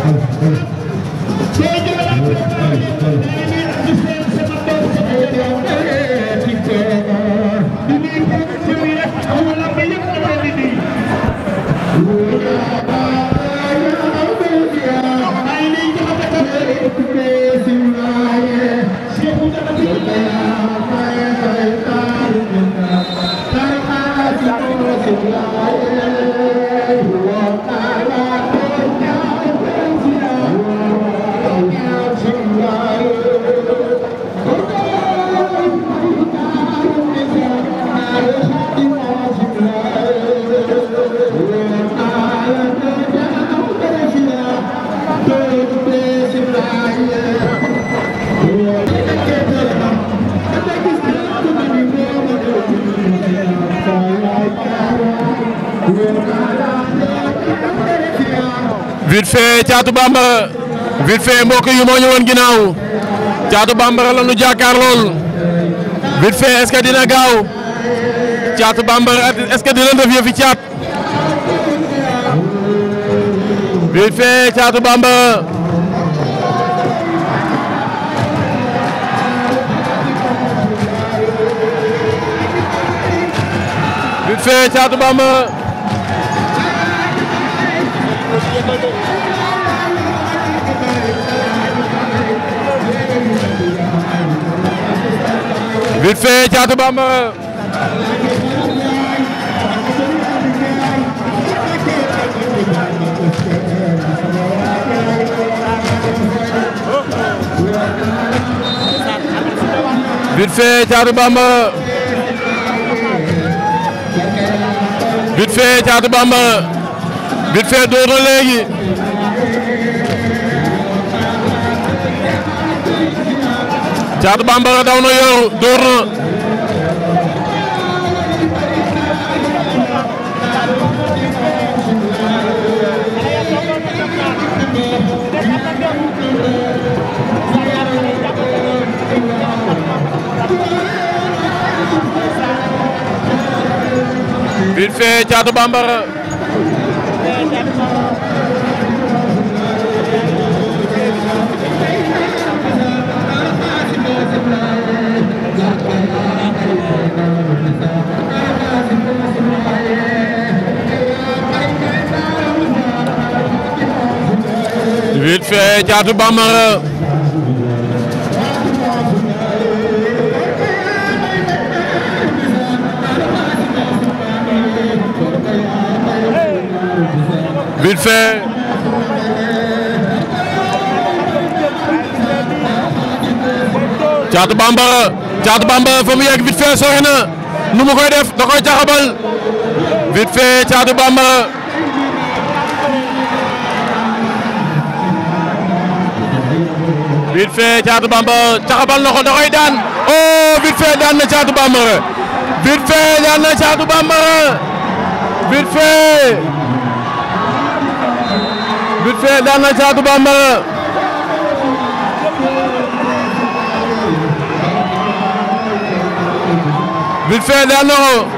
Thank you. vite fait Thiatou Bambara vite fait mbokk yi moo ñëwoon ginnaaw Thiatou Bambara la ñu jàkkaar lool vite fait est gaaw Thiatou Bambara est-ce que dina def yëfi caat vite vite fait Thiatou Bamba vite fait Thiatou Bamba Bamba vite fait door Caatu Bambara daw na yor door na vite fait Caatu Bambara vite fait Thiatou Bambara vite fait Thiatou Bambara Thiatou fa mu yegg vite fait sori nu mu koy def da koy caxabal vite fait Thiatou Bambara vite fait Thiatou Bambara caxabal oh, daan na Thiatou Bambara vite daan na Thiatou Bambara vite fee daan na Caatu Bambara bi fee daan na ko